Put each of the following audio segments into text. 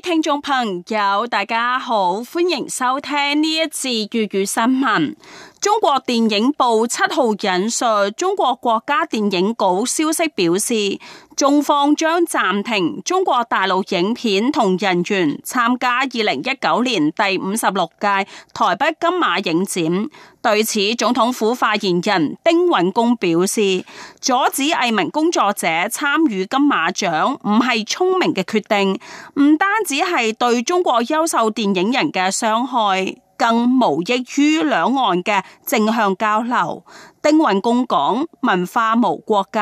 聽眾朋友，大家好，歡迎收聽呢一次粵語新聞。中國電影報七號引述中國國家電影局消息表示，中方將暫停中國大陸影片同人員參加二零一九年第五十六屆台北金馬影展。對此，總統府發言人丁允恭表示，阻止藝文工作者參與金馬獎唔係聰明嘅決定，唔單止係對中國優秀電影人嘅傷害。更無益於兩岸嘅正向交流。丁允恭講：文化無國界，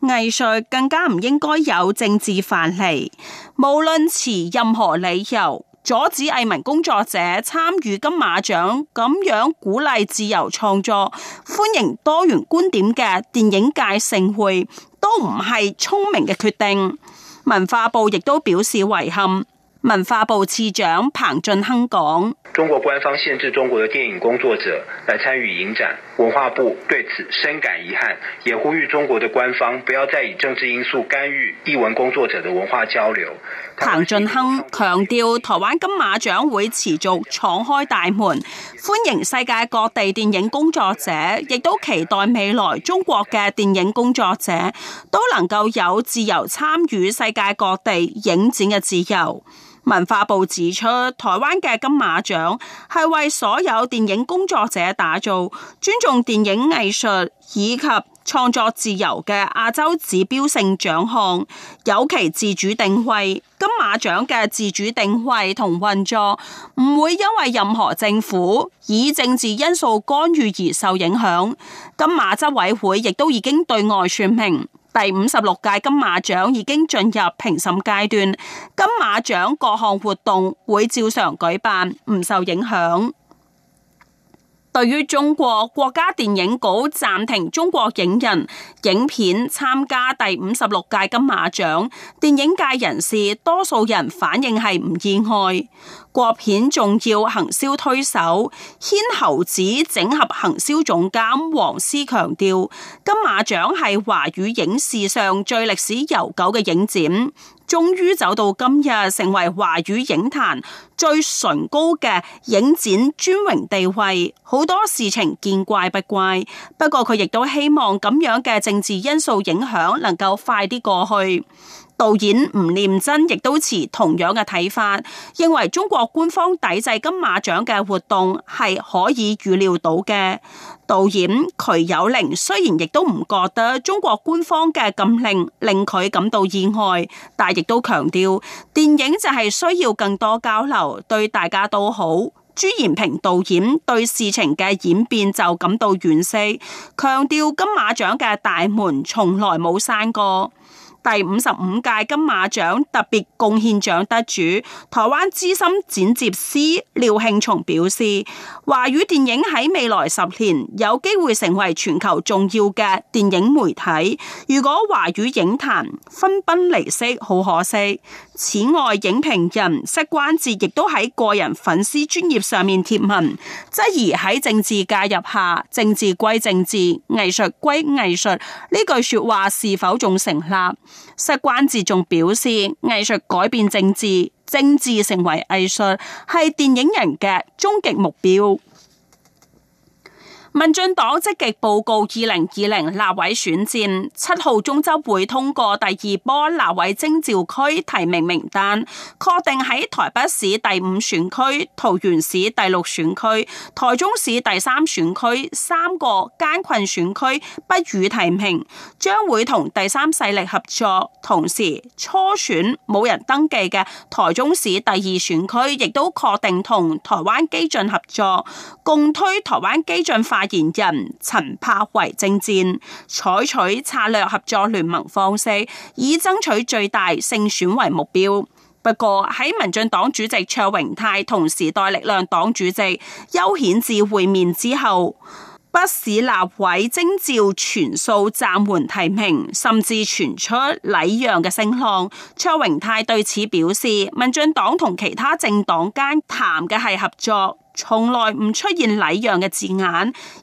藝術更加唔應該有政治藩籬。無論持任何理由阻止藝文工作者參與金馬獎，咁樣鼓勵自由創作、歡迎多元觀點嘅電影界盛會，都唔係聰明嘅決定。文化部亦都表示遺憾。文化部次長彭俊亨講。中國官方限制中國嘅電影工作者來參與影展，文化部對此深感遺憾，也呼籲中國的官方不要再以政治因素干預藝文工作者的文化交流。彭俊亨強調，台灣金馬獎會持續敞開大門，歡迎世界各地電影工作者，亦都期待未來中國嘅電影工作者都能夠有自由參與世界各地影展嘅自由。文化部指出，台灣嘅金馬獎係為所有電影工作者打造、尊重電影藝術以及創作自由嘅亞洲指標性獎項，有其自主定位。金馬獎嘅自主定位同運作唔會因為任何政府以政治因素干預而受影響。金馬執委會亦都已經對外說明。第五十六屆金馬獎已經進入評審階段，金馬獎各項活動會照常舉辦，唔受影響。對於中國國家電影局暫停中國影人影片參加第五十六屆金馬獎，電影界人士多數人反應係唔意外。國片重要行銷推手牽猴子整合行銷總監王師強調，金馬獎係華語影史上最歷史悠久嘅影展。終於走到今日，成為華語影壇最崇高嘅影展尊榮地位。好多事情見怪不怪，不過佢亦都希望咁樣嘅政治因素影響能夠快啲過去。導演吳念真亦都持同樣嘅睇法，認為中國官方抵制金馬獎嘅活動係可以預料到嘅。導演瞿友寧雖然亦都唔覺得中國官方嘅禁令令佢感到意外，但亦都強調電影就係需要更多交流，對大家都好。朱延平導演對事情嘅演變就感到惋惜，強調金馬獎嘅大門從來冇閂過。第五十五屆金馬獎特別貢獻獎得主、台灣資深剪接師廖慶松表示：華語電影喺未來十年有機會成為全球重要嘅電影媒體，如果華語影壇分崩離析，好可惜。此外，影評人膝關節亦都喺個人粉絲專頁上面貼文，質疑喺政治介入下，政治歸政治，藝術歸藝術，呢句說話是否仲成立？膝關節仲表示，藝術改變政治，政治成為藝術，係電影人嘅終極目標。民進黨積極報告二零二零立委選戰，七號中執會通過第二波立委徵召區提名名單，確定喺台北市第五選區、桃園市第六選區、台中市第三選區三個艱困選區不予提名，將會同第三勢力合作。同時初選冇人登記嘅台中市第二選區亦都確定同台灣基進合作，共推台灣基進法。發言人陳柏惟政戰，採取策略合作聯盟方式，以爭取最大勝選為目標。不過喺民進黨主席卓榮泰同時代力量黨主席邱顯智會面之後。北市立委徵召全數暫緩提名，甚至傳出禮讓嘅聲浪。卓榮泰對此表示，民進黨同其他政黨間談嘅係合作，從來唔出現禮讓嘅字眼。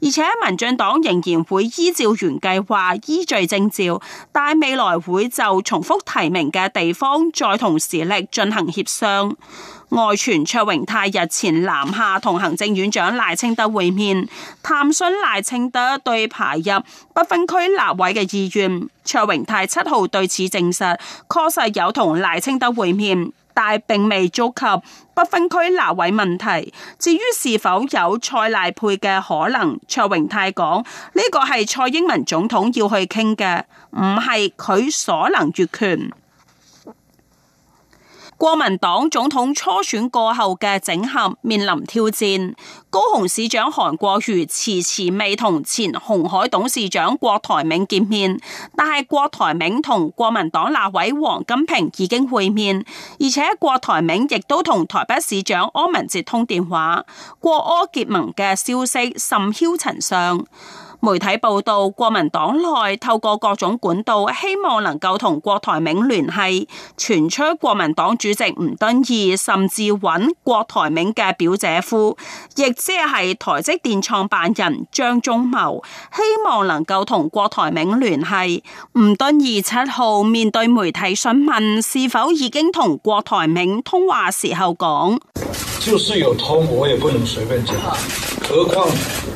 而且民進黨仍然會依照原計劃依序徵召，但未來會就重複提名嘅地方再同時力進行協商。外傳卓榮泰日前南下同行政院長賴清德會面，探詢賴清德對排入不分區立委嘅意願。卓榮泰七號對此證實，確實有同賴清德會面，但並未觸及不分區立委問題。至於是否有蔡賴配嘅可能，卓榮泰講呢個係蔡英文總統要去傾嘅，唔係佢所能越權。國民黨總統初選過後嘅整合面臨挑戰，高雄市長韓國瑜遲遲未同前鴻海董事長郭台銘見面，但係郭台銘同國民黨立委王金平已經會面，而且郭台銘亦都同台北市長柯文哲通電話，郭柯結盟嘅消息甚囂塵上。媒體報道，國民黨內透過各種管道，希望能夠同郭台銘聯繫，傳出國民黨主席吳敦義甚至搵郭台銘嘅表姐夫，亦即係台積電創辦人張忠謀，希望能夠同郭台銘聯繫。吳敦義七號面對媒體詢問是否已經同郭台銘通話時候講，就是有通我也不能隨便講，何況。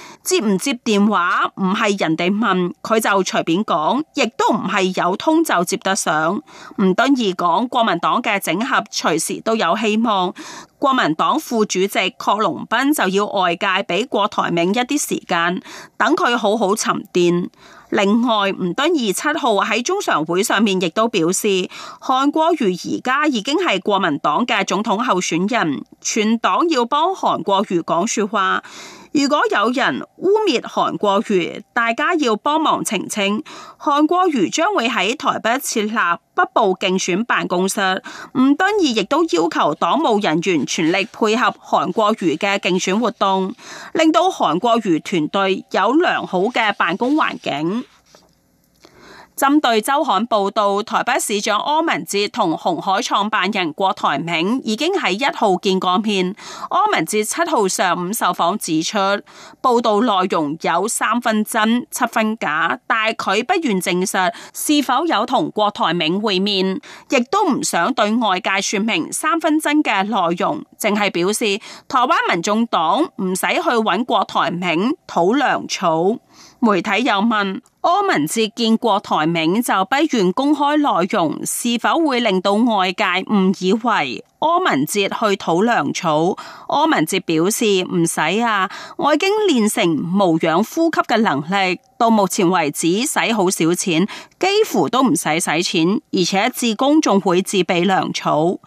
接唔接電話唔係人哋問佢就隨便講，亦都唔係有通就接得上。吳敦義講國民黨嘅整合隨時都有希望。國民黨副主席郝龍斌就要外界俾郭台銘一啲時間，等佢好好沉澱。另外，吳敦義七號喺中常會上面亦都表示，韓國瑜而家已經係國民黨嘅總統候選人，全黨要幫韓國瑜講說話。如果有人污衊韓國瑜，大家要幫忙澄清。韓國瑜將會喺台北設立北部競選辦公室。吳敦義亦都要求黨務人員全力配合韓國瑜嘅競選活動，令到韓國瑜團隊有良好嘅辦公環境。針對週刊報道，台北市長柯文哲同鴻海創辦人郭台銘已經喺一號見過面，柯文哲七號上午受訪指出，報道內容有三分真、七分假，但佢不願證實是否有同郭台銘會面，亦都唔想對外界說明三分真嘅內容，淨係表示台灣民眾黨唔使去搵郭台銘討糧草。媒體又問。柯文哲見過台銘，就不願公開內容，是否會令到外界誤以為柯文哲去討糧草？柯文哲表示唔使啊，我已經練成無氧呼吸嘅能力，到目前為止使好少錢，幾乎都唔使使錢，而且志工仲會自備糧草。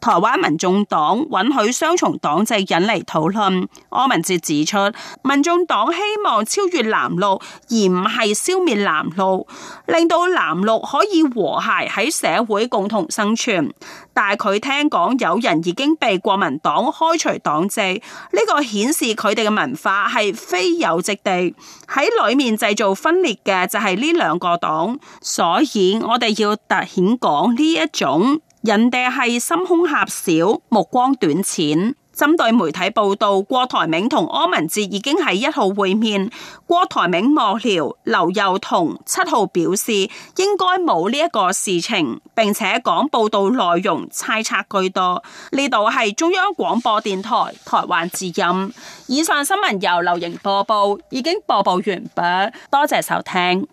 台灣民眾黨允許雙重黨制引嚟討論，柯文哲指出，民眾黨希望超越藍綠，而唔係消。面南路令到南路可以和諧喺社會共同生存，但係佢聽講有人已經被國民黨開除黨籍，呢、這個顯示佢哋嘅文化係非有殖地喺裏面製造分裂嘅，就係呢兩個黨，所以我哋要凸顯講呢一種人哋係心胸狹小、目光短淺。針對媒體報導，郭台銘同柯文哲已經喺一號會面。郭台銘幕僚、莫燎、劉宥彤七號表示應該冇呢一個事情，並且講報道內容猜測居多。呢度係中央廣播電台台灣之音。以上新聞由劉瑩播報，已經播報完畢，多謝收聽。